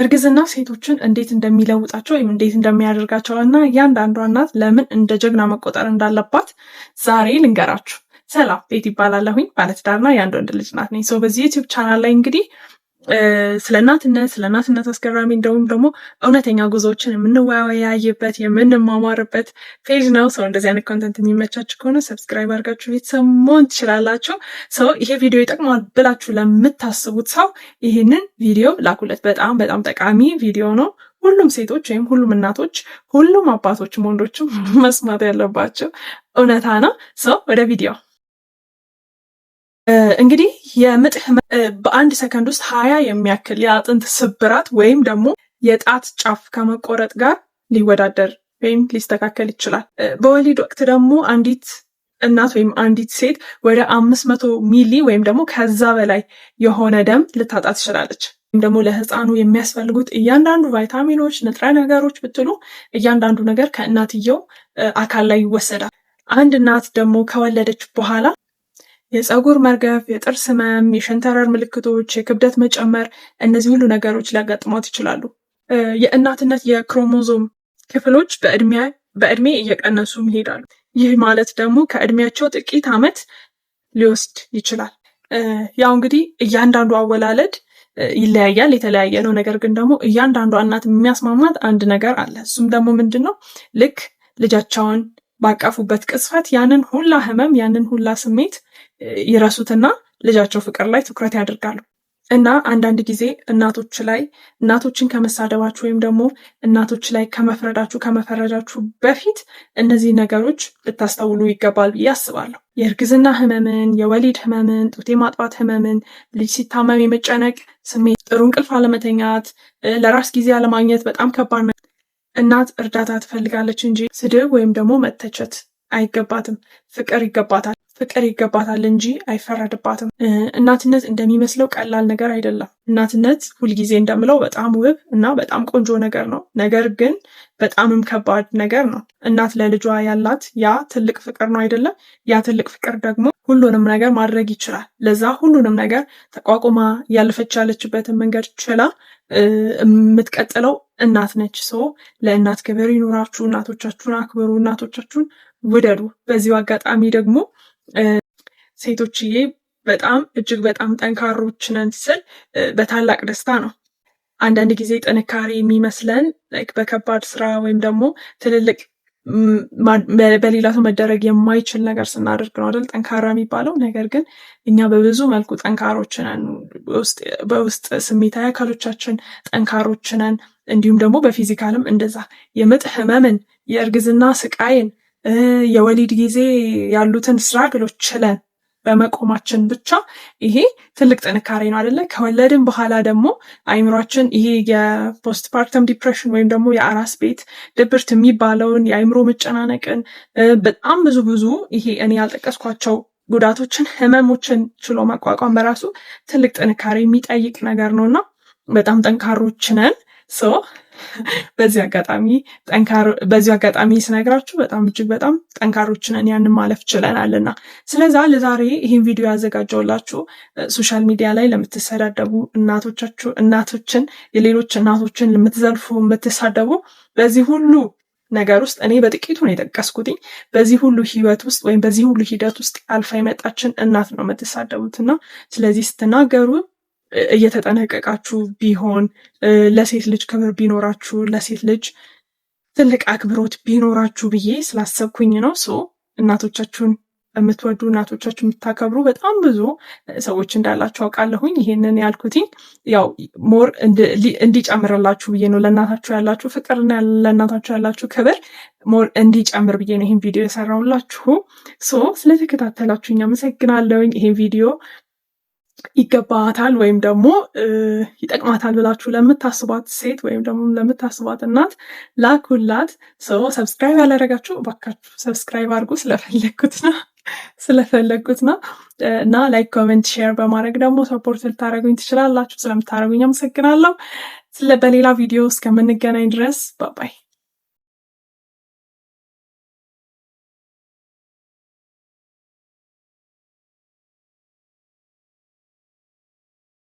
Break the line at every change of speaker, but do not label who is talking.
እርግዝና ሴቶችን እንዴት እንደሚለውጣቸው ወይም እንዴት እንደሚያደርጋቸው እና እያንዳንዷ እናት ለምን እንደ ጀግና መቆጠር እንዳለባት ዛሬ ልንገራችሁ። ሰላም ቤት ይባላለሁኝ። ባለትዳርና የአንድ ወንድ ልጅ ናት ነኝ። ሰው በዚህ ዩቲዩብ ቻናል ላይ እንግዲህ ስለ እናትነት ስለ እናትነት አስገራሚ እንደውም ደግሞ እውነተኛ ጉዞዎችን የምንወያይበት የምንማማርበት ፔጅ ነው። ሰው እንደዚህ አይነት ኮንተንት የሚመቻችሁ ከሆነ ሰብስክራይብ አድርጋችሁ ቤተሰብ መሆን ትችላላችሁ። ሰው ይሄ ቪዲዮ ይጠቅማል ብላችሁ ለምታስቡት ሰው ይህንን ቪዲዮ ላኩለት። በጣም በጣም ጠቃሚ ቪዲዮ ነው። ሁሉም ሴቶች ወይም ሁሉም እናቶች፣ ሁሉም አባቶችም፣ ወንዶችም መስማት ያለባቸው እውነታ ነው። ሰው ወደ ቪዲዮ እንግዲህ የምጥ ህመም በአንድ ሰከንድ ውስጥ ሀያ የሚያክል የአጥንት ስብራት ወይም ደግሞ የጣት ጫፍ ከመቆረጥ ጋር ሊወዳደር ወይም ሊስተካከል ይችላል። በወሊድ ወቅት ደግሞ አንዲት እናት ወይም አንዲት ሴት ወደ አምስት መቶ ሚሊ ወይም ደግሞ ከዛ በላይ የሆነ ደም ልታጣ ትችላለች። ወይም ደግሞ ለህፃኑ የሚያስፈልጉት እያንዳንዱ ቫይታሚኖች፣ ንጥረ ነገሮች ብትሉ እያንዳንዱ ነገር ከእናትየው አካል ላይ ይወሰዳል። አንድ እናት ደግሞ ከወለደች በኋላ የፀጉር መርገፍ፣ የጥርስ ህመም፣ የሸንተረር ምልክቶች፣ የክብደት መጨመር እነዚህ ሁሉ ነገሮች ሊያጋጥሟት ይችላሉ። የእናትነት የክሮሞዞም ክፍሎች በእድሜ እየቀነሱ ይሄዳሉ። ይህ ማለት ደግሞ ከእድሜያቸው ጥቂት ዓመት ሊወስድ ይችላል። ያው እንግዲህ እያንዳንዱ አወላለድ ይለያያል፣ የተለያየ ነው። ነገር ግን ደግሞ እያንዳንዷ እናት የሚያስማማት አንድ ነገር አለ። እሱም ደግሞ ምንድን ነው? ልክ ልጃቸውን ባቀፉበት ቅጽበት ያንን ሁላ ህመም፣ ያንን ሁላ ስሜት ይረሱትና ልጃቸው ፍቅር ላይ ትኩረት ያደርጋሉ። እና አንዳንድ ጊዜ እናቶች ላይ እናቶችን ከመሳደባችሁ ወይም ደግሞ እናቶች ላይ ከመፍረዳችሁ ከመፈረጃችሁ በፊት እነዚህ ነገሮች ልታስተውሉ ይገባል ብዬ አስባለሁ። የእርግዝና ህመምን፣ የወሊድ ህመምን፣ ጡት የማጥባት ህመምን፣ ልጅ ሲታመም የመጨነቅ ስሜት፣ ጥሩ እንቅልፍ አለመተኛት፣ ለራስ ጊዜ አለማግኘት በጣም ከባድ ነው። እናት እርዳታ ትፈልጋለች እንጂ ስድብ ወይም ደግሞ መተቸት አይገባትም። ፍቅር ይገባታል። ፍቅር ይገባታል እንጂ አይፈረድባትም። እናትነት እንደሚመስለው ቀላል ነገር አይደለም። እናትነት ሁልጊዜ እንደምለው በጣም ውብ እና በጣም ቆንጆ ነገር ነው። ነገር ግን በጣምም ከባድ ነገር ነው። እናት ለልጇ ያላት ያ ትልቅ ፍቅር ነው አይደለም? ያ ትልቅ ፍቅር ደግሞ ሁሉንም ነገር ማድረግ ይችላል። ለዛ ሁሉንም ነገር ተቋቁማ ያለፈች ያለችበትን መንገድ ችላ የምትቀጥለው እናት ነች። ሰው ለእናት ክብር ይኖራችሁ፣ እናቶቻችሁን አክብሩ፣ እናቶቻችሁን ውደዱ። በዚሁ አጋጣሚ ደግሞ ሴቶችዬ በጣም እጅግ በጣም ጠንካሮች ነን ስል በታላቅ ደስታ ነው። አንዳንድ ጊዜ ጥንካሬ የሚመስለን በከባድ ስራ ወይም ደግሞ ትልልቅ በሌላ ሰው መደረግ የማይችል ነገር ስናደርግ ነው አይደል ጠንካራ የሚባለው። ነገር ግን እኛ በብዙ መልኩ ጠንካሮች ነን። በውስጥ ስሜታዊ አካሎቻችን ጠንካሮች ነን። እንዲሁም ደግሞ በፊዚካልም እንደዛ የምጥ ህመምን፣ የእርግዝና ስቃይን የወሊድ ጊዜ ያሉትን ስራግሎች ችለን በመቆማችን ብቻ ይሄ ትልቅ ጥንካሬ ነው አደለ? ከወለድን በኋላ ደግሞ አይምሯችን ይሄ የፖስትፓርተም ዲፕሬሽን ወይም ደግሞ የአራስ ቤት ድብርት የሚባለውን የአይምሮ መጨናነቅን በጣም ብዙ ብዙ ይሄ እኔ ያልጠቀስኳቸው ጉዳቶችን፣ ህመሞችን ችሎ መቋቋም በራሱ ትልቅ ጥንካሬ የሚጠይቅ ነገር ነው እና በጣም ጠንካሮች ነን ሶ በዚህ አጋጣሚ በዚህ አጋጣሚ ስነግራችሁ በጣም እጅግ በጣም ጠንካሮችንን ያን ማለፍ ችለናል እና ስለዛ ለዛሬ ይህን ቪዲዮ ያዘጋጀውላችሁ ሶሻል ሚዲያ ላይ ለምትሰዳደቡ እናቶቻችሁ እናቶችን የሌሎች እናቶችን ለምትዘልፉ የምትሳደቡ በዚህ ሁሉ ነገር ውስጥ እኔ በጥቂቱ ነው የጠቀስኩትኝ። በዚህ ሁሉ ህይወት ውስጥ ወይም በዚህ ሁሉ ሂደት ውስጥ አልፋ የመጣችን እናት ነው የምትሳደቡትና ስለዚህ ስትናገሩ እየተጠነቀቃችሁ ቢሆን ለሴት ልጅ ክብር ቢኖራችሁ ለሴት ልጅ ትልቅ አክብሮት ቢኖራችሁ ብዬ ስላሰብኩኝ ነው። ሶ እናቶቻችሁን የምትወዱ እናቶቻችሁ የምታከብሩ በጣም ብዙ ሰዎች እንዳላችሁ አውቃለሁኝ። ይሄንን ያልኩትኝ ያው ሞር እንዲጨምርላችሁ ብዬ ነው። ለእናታችሁ ያላችሁ ፍቅርና ለእናታችሁ ያላችሁ ክብር ሞር እንዲጨምር ብዬ ነው ይህን ቪዲዮ የሰራውላችሁ ሶ ስለተከታተላችሁኝ አመሰግናለሁኝ። ይሄን ቪዲዮ ይገባታል ወይም ደግሞ ይጠቅማታል ብላችሁ ለምታስቧት ሴት ወይም ደግሞ ለምታስቧት እናት ላኩላት። ሰው ሰብስክራይብ ያላረጋችሁ እባካችሁ ሰብስክራይብ አድርጉ። ስለፈለግኩት ነው ስለፈለግኩት ነው እና ላይክ፣ ኮመንት ሼር በማድረግ ደግሞ ሰፖርት ልታደረጉኝ ትችላላችሁ። ስለምታደረጉኝ አመሰግናለሁ። በሌላ ቪዲዮ እስከምንገናኝ ድረስ ባባይ